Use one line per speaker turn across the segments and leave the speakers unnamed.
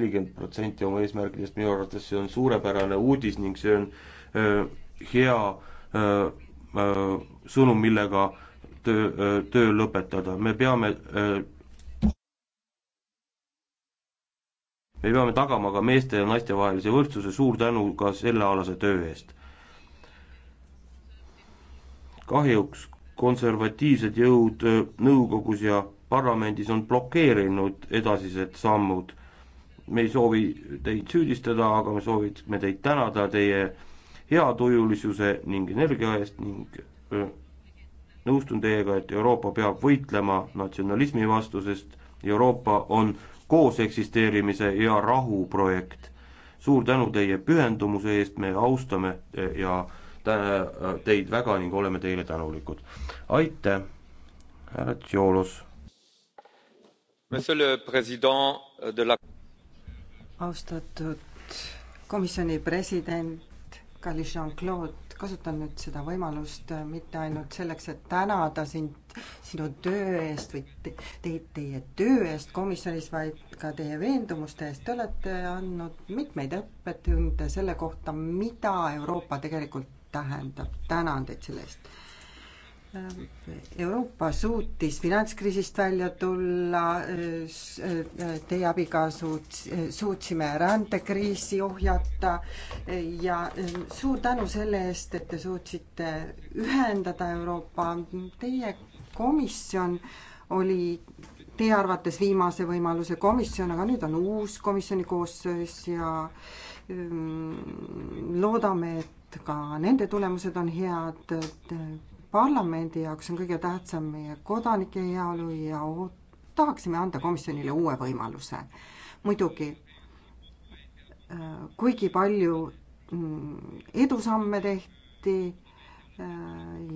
nelikümmend protsenti oma eesmärkidest, minu arvates see on suurepärane uudis ning see on öö, hea öö, öö, sõnum, millega töö, töö lõpetada, me peame öö, me peame tagama ka meeste ja naiste vahelise võrdsuse, suur tänu ka sellealase töö eest. kahjuks konservatiivsed jõud öö, nõukogus ja parlamendis on blokeerinud edasised sammud me ei soovi teid süüdistada, aga me soovime teid tänada teie heatujulisuse ning energia eest ning öö, nõustun teiega, et Euroopa peab võitlema natsionalismi vastu, sest Euroopa on koos eksisteerimise ja rahu projekt. suur tänu teie pühendumuse eest, me austame e, ja teid väga ning oleme teile tänulikud. aitäh, härra Tšiolos. Monsieur le président de la
austatud komisjoni president, kallis Jean-Claude, kasutan nüüd seda võimalust äh, mitte ainult selleks, et tänada sind sinu töö eest või te, teid teie töö eest komisjonis, vaid ka teie veendumuste eest. Te olete andnud mitmeid õppetunde selle kohta, mida Euroopa tegelikult tähendab. tänan teid selle eest Euroopa suutis finantskriisist välja tulla, teie abiga suuts-, suutsime rändekriisi ohjata ja suur tänu selle eest, et te suutsite ühendada Euroopa. Teie komisjon oli teie arvates viimase võimaluse komisjon, aga nüüd on uus komisjoni koosseis ja mm, loodame, et ka nende tulemused on head parlamendi jaoks on kõige tähtsam meie kodanike heaolu ja tahaksime anda komisjonile uue võimaluse. muidugi, äh, kuigi palju mm, edusamme tehti, äh,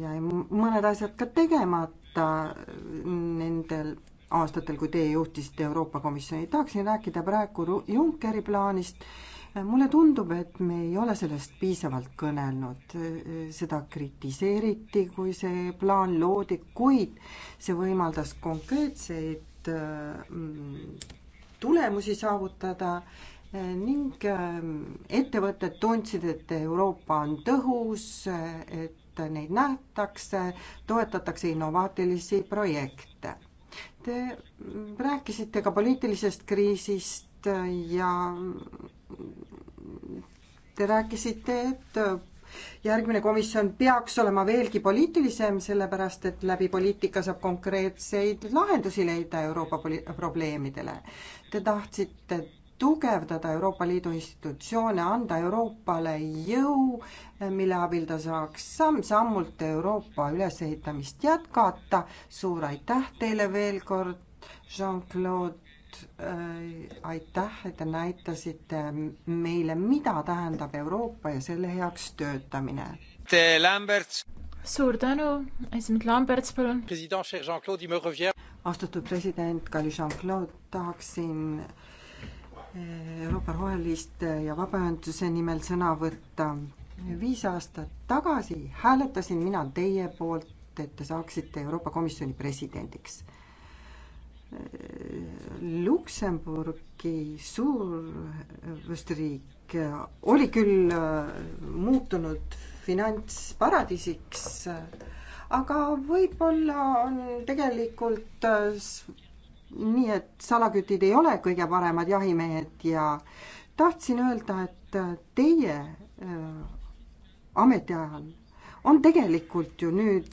jäi mõned asjad ka tegemata äh, nendel aastatel, kui teie juhtisite Euroopa Komisjoni. tahaksin rääkida praegu Junckeri plaanist mulle tundub, et me ei ole sellest piisavalt kõnelnud, seda kritiseeriti, kui see plaan loodi, kuid see võimaldas konkreetseid mm, tulemusi saavutada ning mm, ettevõtted tundsid, et Euroopa on tõhus, et neid nähtakse, toetatakse innovaatilisi projekte. Te rääkisite ka poliitilisest kriisist ja mm, te rääkisite, et äh, järgmine komisjon peaks olema veelgi poliitilisem, sellepärast et läbi poliitika saab konkreetseid lahendusi leida Euroopa probleemidele. Te tahtsite tugevdada Euroopa Liidu institutsioone, anda Euroopale jõu, äh, mille abil ta saaks samm-sammult Euroopa ülesehitamist jätkata. suur aitäh teile veel kord, Jean-Claude Äh, aitäh, et te näitasite meile, mida tähendab Euroopa ja selle heaks töötamine. suur tänu, esimees Lamberts, palun. austatud president, kallis Jean-Claude, tahaksin äh, Euroopa Roheliste ja Vabaühenduse nimel sõna võtta. viis aastat tagasi hääletasin mina teie poolt, et te saaksite Euroopa Komisjoni presidendiks Luksemburgi suurvõsteriik oli küll äh, muutunud finantsparadiisiks, aga võib-olla on tegelikult äh, nii, et salakütid ei ole kõige paremad jahimehed ja tahtsin öelda, et äh, teie ametiajal on tegelikult ju nüüd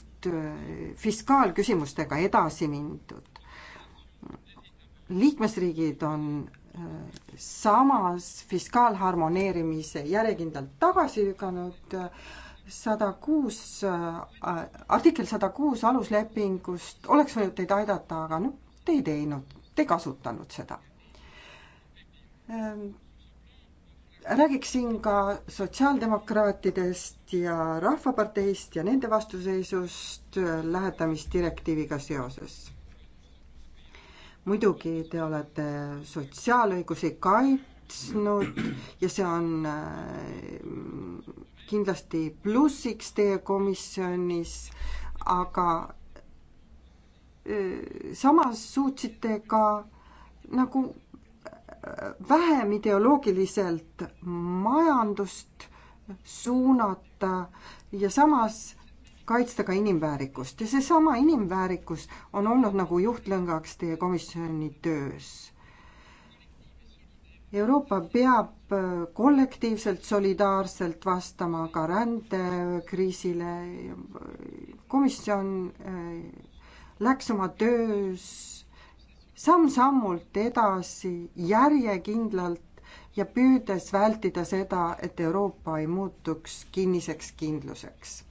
fiskaalküsimustega edasi mindud liikmesriigid on äh, samas fiskaalharmoneerimise järjekindlalt tagasi lükanud, äh, sada kuus, äh, artikkel sada kuus aluslepingust oleks võinud teid aidata, aga noh, te ei teinud, te ei kasutanud seda. Ähm, räägiksin ka sotsiaaldemokraatidest ja Rahvaparteist ja nende vastuseisust lähetamisdirektiiviga seoses muidugi te olete sotsiaalõigusi kaitsnud ja see on äh, kindlasti plussiks teie komisjonis, aga äh, samas suutsite ka nagu äh, vähem ideoloogiliselt majandust suunata ja samas kaitsta ka inimväärikust ja seesama inimväärikus on olnud nagu juhtlõngaks teie komisjoni töös. Euroopa peab äh, kollektiivselt solidaarselt vastama ka rändekriisile. komisjon äh, läks oma töös samm-sammult edasi järjekindlalt ja püüdes vältida seda, et Euroopa ei muutuks kinniseks kindluseks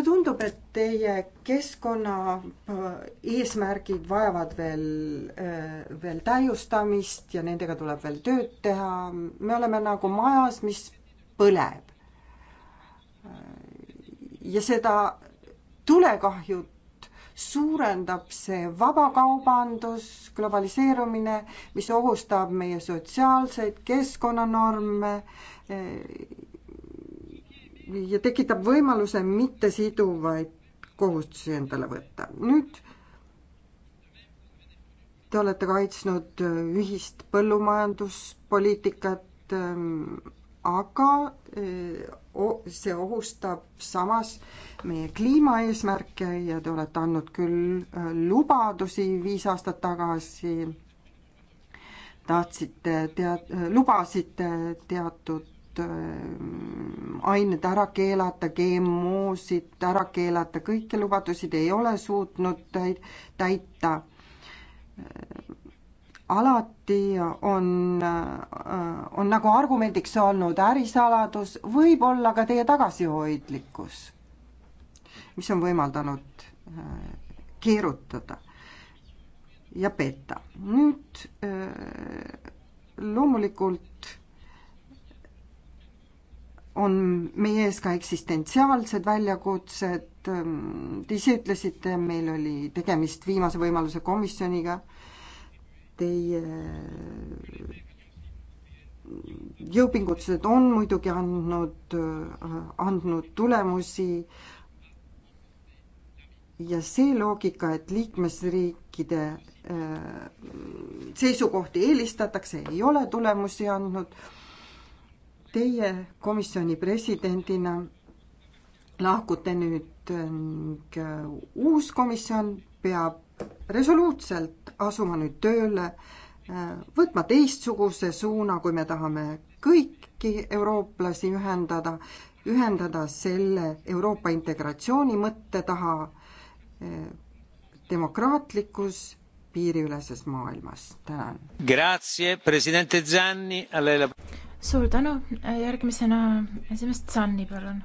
mulle tundub, et teie keskkonna äh, eesmärgid vajavad veel, äh, veel täiustamist ja nendega tuleb veel tööd teha. me oleme nagu majas, mis põleb. Äh, ja seda tulekahjut suurendab see vabakaubandus, globaliseerumine, mis ohustab meie sotsiaalseid keskkonnanorme ja tekitab võimaluse mittesiduvaid kohustusi endale võtta. nüüd te olete kaitsnud ühist põllumajanduspoliitikat, ähm, aga äh, see ohustab samas meie kliimaeesmärke ja te olete andnud küll äh, lubadusi viis aastat tagasi, tahtsite tea-, lubasite teatud Mm, ained ära keelata, GMO-sid ära keelata, kõiki lubadusid ei ole suutnud täita. alati on, äh, on nagu argumendiks olnud ärisaladus, võib-olla ka teie tagasihoidlikkus, mis on võimaldanud äh, keerutada ja petta. nüüd äh, loomulikult on meie ees ka eksistentsiaalsed väljakutsed, ähm, te ise ütlesite, meil oli tegemist viimase võimaluse komisjoniga, teie jõupingutused on muidugi andnud, äh, andnud tulemusi ja see loogika, et liikmesriikide äh, seisukohti eelistatakse, ei ole tulemusi andnud Teie komisjoni presidendina lahkute nüüd ning äh, uus komisjon peab resoluutselt asuma nüüd tööle, äh, võtma teistsuguse suuna, kui me tahame kõiki eurooplasi ühendada, ühendada selle Euroopa integratsiooni mõtte taha äh, demokraatlikus piiriüleses maailmas. tänan
suur tänu, järgmisena esimest Sanni, palun.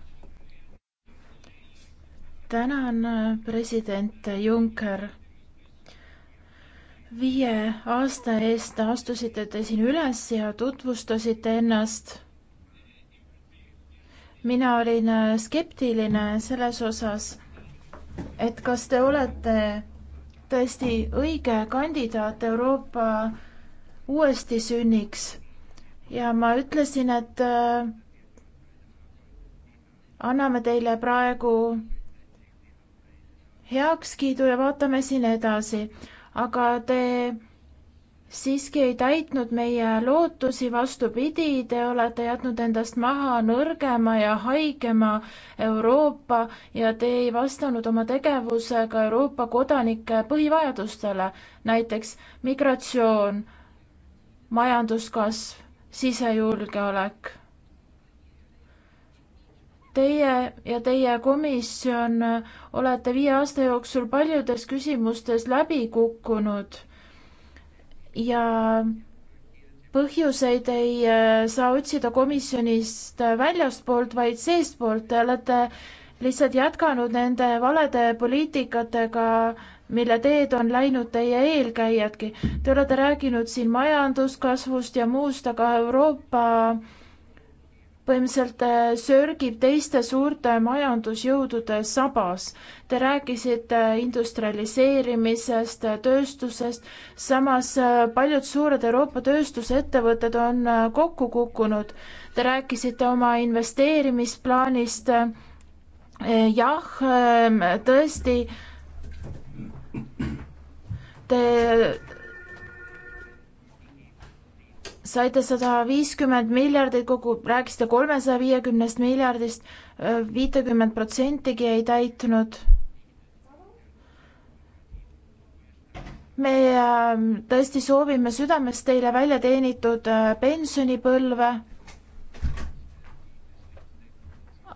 tänan, president Juncker viie aasta eest astusite te siin üles ja tutvustasite ennast. mina olin skeptiline selles osas, et kas te olete tõesti õige kandidaat Euroopa uuestisünniks ja ma ütlesin, et äh, anname teile praegu heakskiidu ja vaatame siin edasi, aga te siiski ei täitnud meie lootusi, vastupidi, te olete jätnud endast maha nõrgema ja haigema Euroopa ja te ei vastanud oma tegevusega Euroopa kodanike põhivajadustele, näiteks migratsioon, majanduskasv, sisejulgeolek. Teie ja teie komisjon olete viie aasta jooksul paljudes küsimustes läbi kukkunud ja põhjuseid ei eh, saa otsida komisjonist väljastpoolt, vaid seestpoolt, te olete lihtsalt jätkanud nende valede poliitikatega mille teed on läinud teie eelkäijadki. Te olete rääkinud siin majanduskasvust ja muust, aga Euroopa põhimõtteliselt äh, sörgib teiste suurte majandusjõudude sabas. Te rääkisite äh, industrialiseerimisest, äh, tööstusest, samas paljud suured Euroopa tööstusettevõtted on kokku kukkunud. Te rääkisite oma investeerimisplaanist. jah, tõesti Te saite sada viiskümmend miljardit kogu, rääkisite kolmesaja viiekümnest miljardist, viitekümmet protsentigi ei täitnud. me ähm, tõesti soovime südamest teile välja teenitud äh, pensionipõlve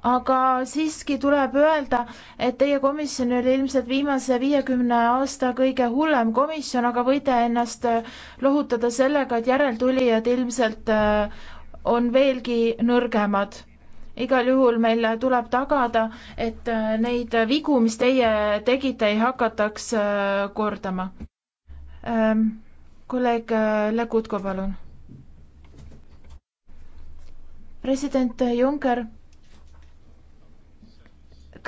aga siiski tuleb öelda, et teie komisjon oli ilmselt viimase viiekümne aasta kõige hullem komisjon, aga võite ennast äh, lohutada sellega, et järeltulijad ilmselt äh, on veelgi nõrgemad. igal juhul meil tuleb tagada, et äh, neid vigu, mis teie tegite, ei hakataks kordama. Ähm, kolleeg Lekutko, palun. president Juncker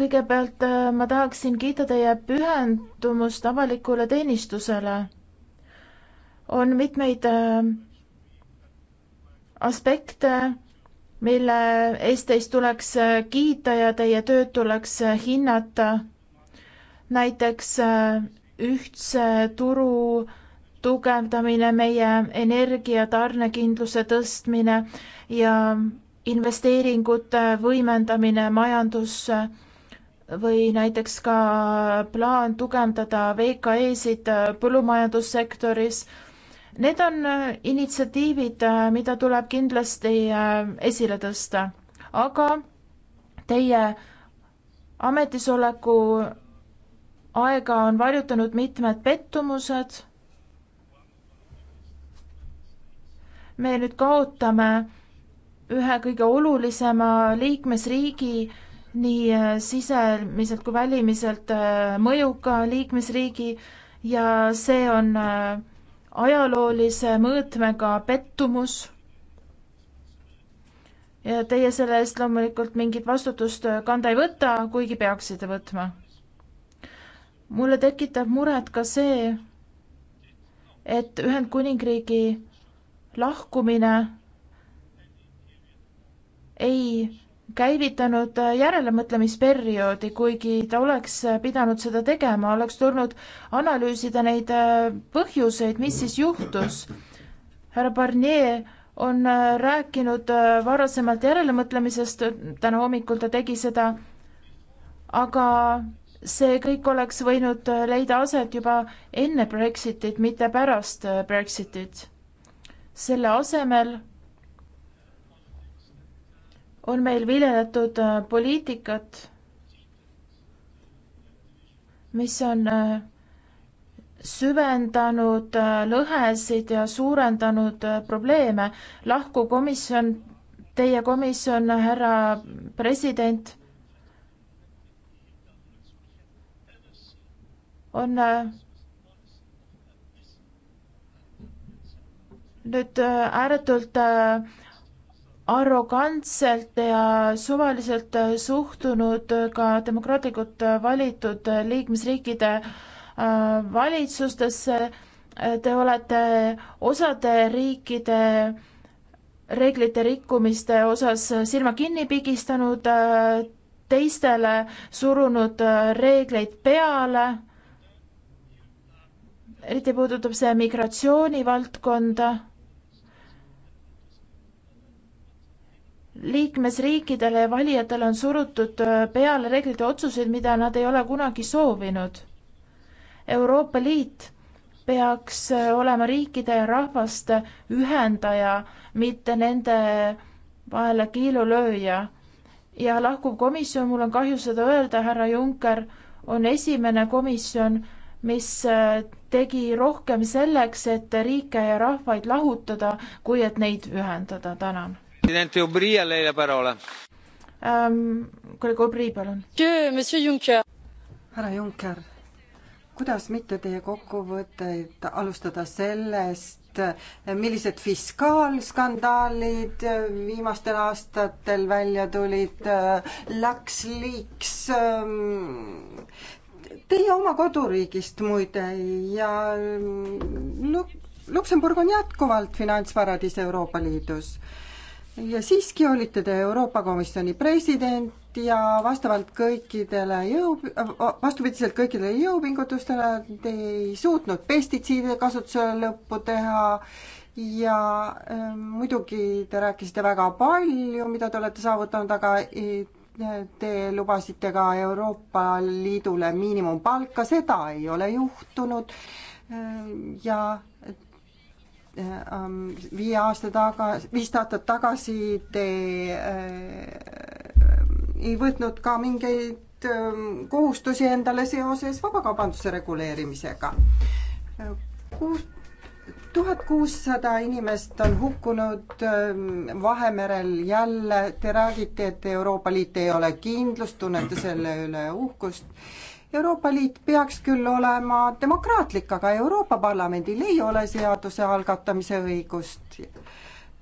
kõigepealt äh, ma tahaksin kiita teie pühendumust avalikule teenistusele. on mitmeid äh, aspekte, mille eest teist tuleks äh, kiita ja teie tööd tuleks hinnata. näiteks ühtse turu tugevdamine, meie energiatarnekindluse tõstmine ja investeeringute võimendamine majandusse või näiteks ka plaan tugevdada VKE-sid äh, põllumajandussektoris. Need on äh, initsiatiivid, äh, mida tuleb kindlasti esile tõsta, aga teie ametisoleku aega on varjutanud mitmed pettumused. me nüüd kaotame ühe kõige olulisema liikmesriigi nii äh, sisemiselt kui välimiselt äh, mõjuka liikmesriigi ja see on äh, ajaloolise mõõtmega pettumus. ja teie selle eest loomulikult mingit vastutust kanda ei võta, kuigi peaksite võtma. mulle tekitab muret ka see, et Ühendkuningriigi lahkumine ei käivitanud järelemõtlemisperioodi, kuigi ta oleks pidanud seda tegema, oleks tulnud analüüsida neid põhjuseid, mis siis juhtus. härra Barnier on rääkinud varasemalt järelemõtlemisest, täna hommikul ta tegi seda, aga see kõik oleks võinud leida aset juba enne Brexitit, mitte pärast Brexitit. selle asemel on meil viljeletud äh, poliitikat, mis on äh, süvendanud äh, lõhesid ja suurendanud probleeme. lahku komisjon, teie komisjon, härra president, on nüüd ääretult arrogantselt ja suvaliselt suhtunud ka demokraatlikult valitud liikmesriikide äh, valitsustesse. Te olete osade riikide reeglite rikkumiste osas silma kinni pigistanud, äh, teistele surunud äh, reegleid peale. eriti puudutab see migratsioonivaldkonda liikmesriikidele ja valijatele on surutud äh, peale reeglid ja otsuseid, mida nad ei ole kunagi soovinud. Euroopa Liit peaks äh, olema riikide ja rahvaste ühendaja, mitte nende vahele kiilulööja. ja lahkuv komisjon, mul on kahju seda öelda, härra Juncker, on esimene komisjon, mis äh, tegi rohkem selleks, et riike ja rahvaid lahutada, kui et neid ühendada, tänan Ehm, kolleeg Aubry, palun. härra Juncker,
kuidas mitte teie kokkuvõtteid alustada sellest, millised fiskaalskandaalid viimastel aastatel välja tulid, LuxLeaks, ehm, teie oma koduriigist muide ja ehm, Luksemburg on jätkuvalt finantsparadiis Euroopa Liidus ja siiski olite te Euroopa Komisjoni president ja vastavalt kõikidele jõu, vastupidiselt kõikidele jõupingutustele te ei suutnud pestitsiidide kasutusele lõppu teha ja äh, muidugi te rääkisite väga palju, mida te olete saavutanud, aga äh, te lubasite ka Euroopa Liidule miinimumpalka, seda ei ole juhtunud äh, ja Äh, ähm, viie aasta taga, viis aastat tagasi te äh, ei võtnud ka mingeid ähm, kohustusi endale seoses vabakaubanduse reguleerimisega. kuus, tuhat kuussada inimest on hukkunud ähm, Vahemerel jälle, te räägite, et Euroopa Liit ei ole kindlust, tunnete selle üle uhkust Euroopa Liit peaks küll olema demokraatlik, aga Euroopa Parlamendil ei ole seaduse algatamise õigust.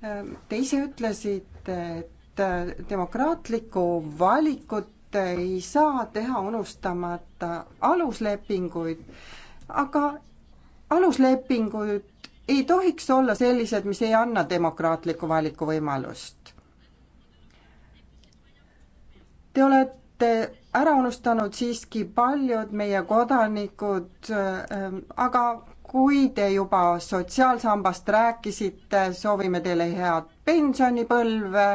Te ise ütlesite, et demokraatlikku valikut ei saa teha unustamata aluslepinguid, aga aluslepingud ei tohiks olla sellised, mis ei anna demokraatlikku valikuvõimalust. Te olete ära unustanud siiski paljud meie kodanikud, ähm, aga kui te juba sotsiaalsambast rääkisite, soovime teile head pensionipõlve.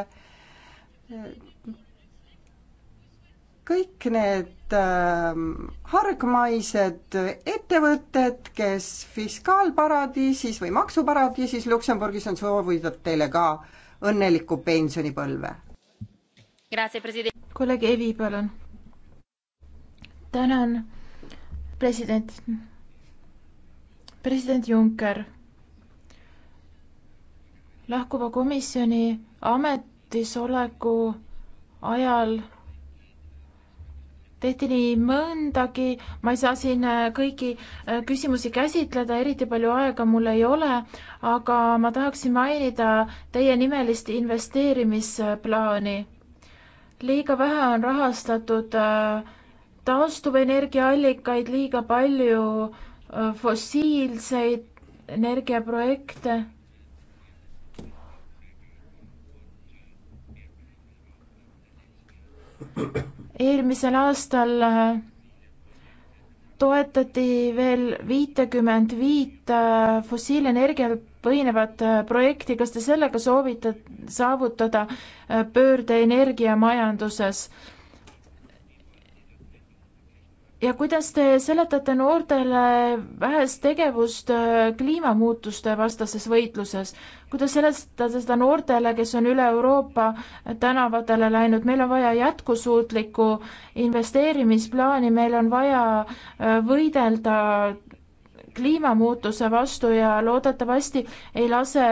kõik need ähm, hargmaised ettevõtted, kes fiskaalparadiisis või maksuparadiisis Luksemburgis on, soovivad teile ka õnnelikku pensionipõlve.
kolleeg Evi, palun tänan, president, president Juncker. lahkuva komisjoni ametisoleku ajal tehti nii mõndagi, ma ei saa siin äh, kõiki äh, küsimusi käsitleda, eriti palju aega mul ei ole, aga ma tahaksin mainida teie nimelist investeerimisplaani. liiga vähe on rahastatud äh, taastuvenergiaallikaid, liiga palju äh, fossiilseid energiaprojekte. eelmisel aastal äh, toetati veel viitekümmet viit äh, fossiilenergial põhinevat projekti, kas te sellega soovite saavutada pöörde energiamajanduses? ja kuidas te seletate noortele vähest tegevust äh, kliimamuutuste vastases võitluses? kuidas seletada seda noortele, kes on üle Euroopa tänavatele läinud, meil on vaja jätkusuutlikku investeerimisplaani, meil on vaja äh, võidelda kliimamuutuse vastu ja loodetavasti ei lase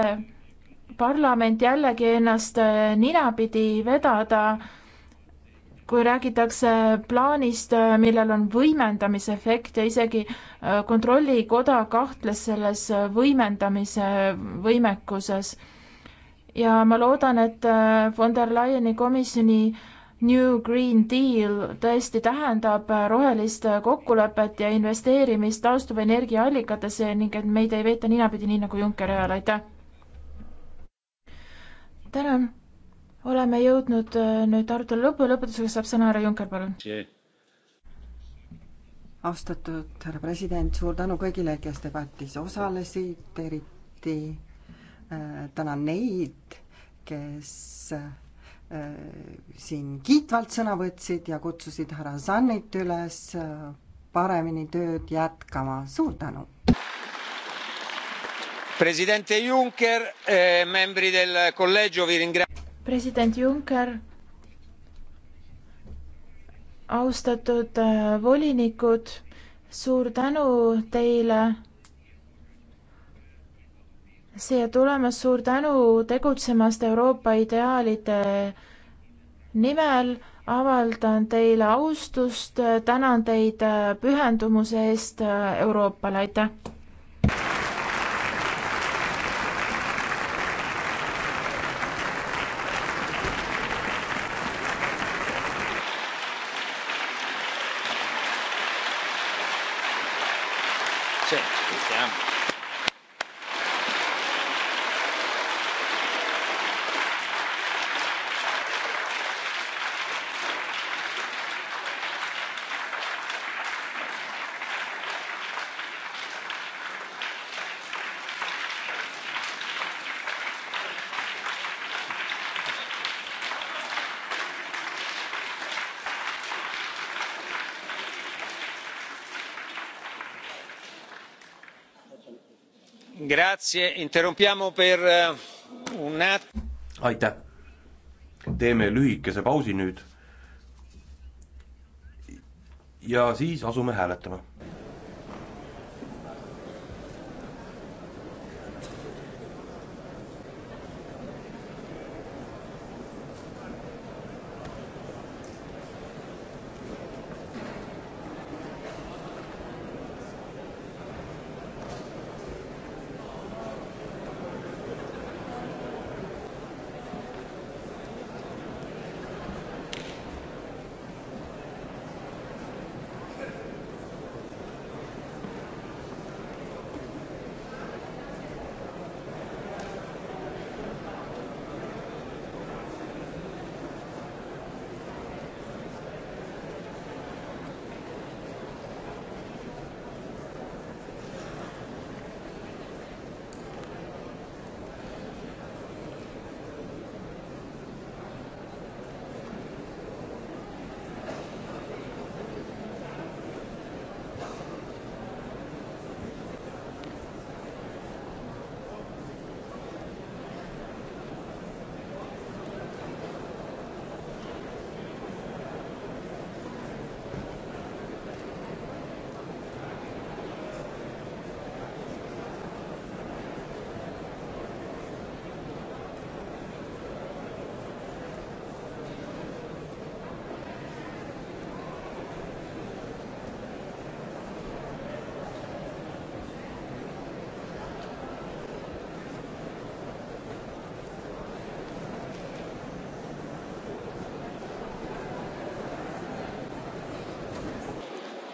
parlament jällegi ennast äh, ninapidi vedada äh, kui räägitakse plaanist, millel on võimendamisefekt ja isegi äh, kontrollikoda kahtles selles võimendamise võimekuses. ja ma loodan, et äh, von der Leyeni komisjoni New Green Deal tõesti tähendab äh, rohelist kokkulepet ja investeerimist taastuvenergiaallikatesse ning et meid ei veeta ninapidi, nii nagu Junckeri ajal, aitäh! tänan! oleme jõudnud äh, nüüd arutelu lõppu, lõpetuseks saab sõna härra Junker, palun.
austatud härra president, suur tänu kõigile, kes debatis osalesid, eriti äh, tänan neid, kes äh, siin kiitvalt sõna võtsid ja kutsusid härra Zannit üles äh, paremini tööd jätkama, suur tänu! presidente Juncker eh,, membri del kolledžo vi ringra-
president Juncker, austatud äh, volinikud, suur tänu teile siia tulemast, suur tänu tegutsemast Euroopa ideaalide nimel, avaldan teile austust, tänan teid äh, pühendumuse eest äh, Euroopale, aitäh!
Eh, aitäh. teeme lühikese pausi nüüd. ja siis asume hääletama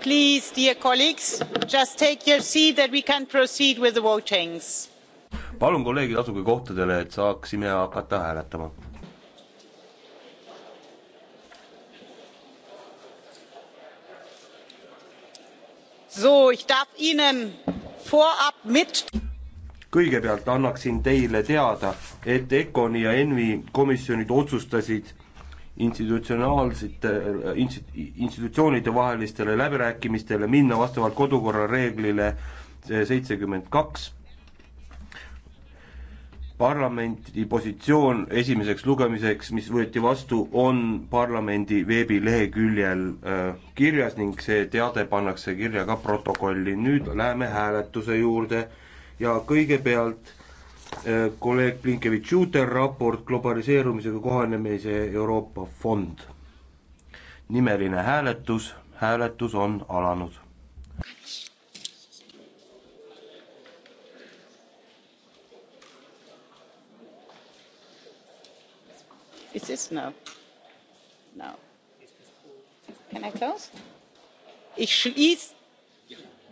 please dear colleagues just take your seat that we can proceed with the votings.
palun kolleegid asuge kohtadele, et saaksime hakata hääletama. So, ich
darf Ihnen vorab mit
kõigepealt annaksin teile teada, et Econi ja Envi komisjonid otsustasid institutsionaalsete, institutsioonide vahelistele läbirääkimistele minna vastavalt kodukorra reeglile seitsekümmend kaks. parlamendi positsioon esimeseks lugemiseks, mis võeti vastu, on parlamendi veebileheküljel äh, kirjas ning see teade pannakse kirja ka protokolli. nüüd läheme hääletuse juurde ja kõigepealt Äh, kolleeg Blinkevitš-Juuter raport globaliseerumisega kohanemise Euroopa fond. nimeline hääletus, hääletus on alanud.
Is this no? No. Can I close? Ich schließ,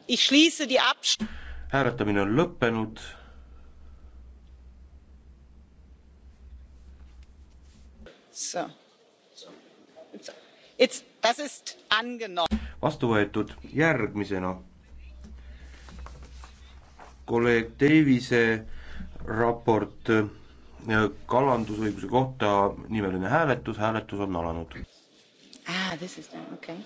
ich schließe die abst-.
hääletamine on lõppenud vastu võetud järgmisena kolleeg Davise raport äh, kalandusõiguse kohta nimeline hääletus, hääletus on alanud. Ah, this is okay.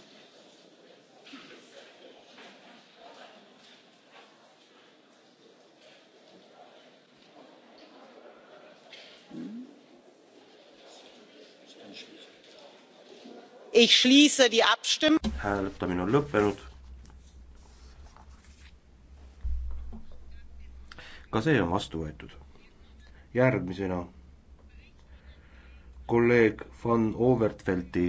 hääletamine on lõppenud. ka see on vastu võetud. järgmisena kolleeg Van Overtvelti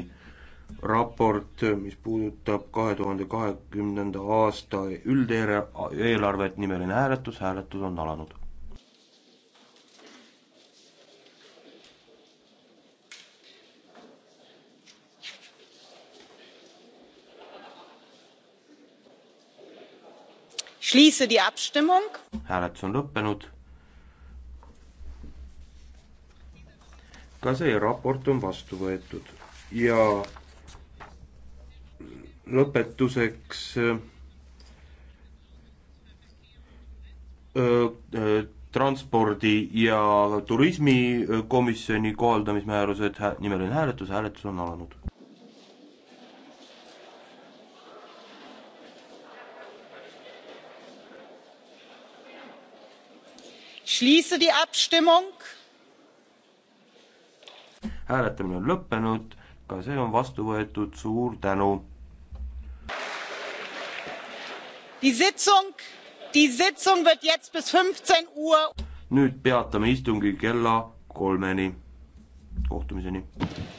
raport, mis puudutab kahe tuhande kahekümnenda aasta üldeelarvet, nimeline hääletus, hääletus on alanud hääletus on lõppenud. ka see raport on vastu võetud ja lõpetuseks öö, äh, öö, äh, transpordi ja turismikomisjoni kohaldamismäärused, nimeline hääletus, hääletus on alanud.
schließe die abstimmung.
hääletamine on lõppenud, ka see on vastu võetud, suur tänu. Die
Sitzung, die Sitzung wird jetzt bis 15 Uhr.
nüüd peatame istungi kella kolmeni. kohtumiseni.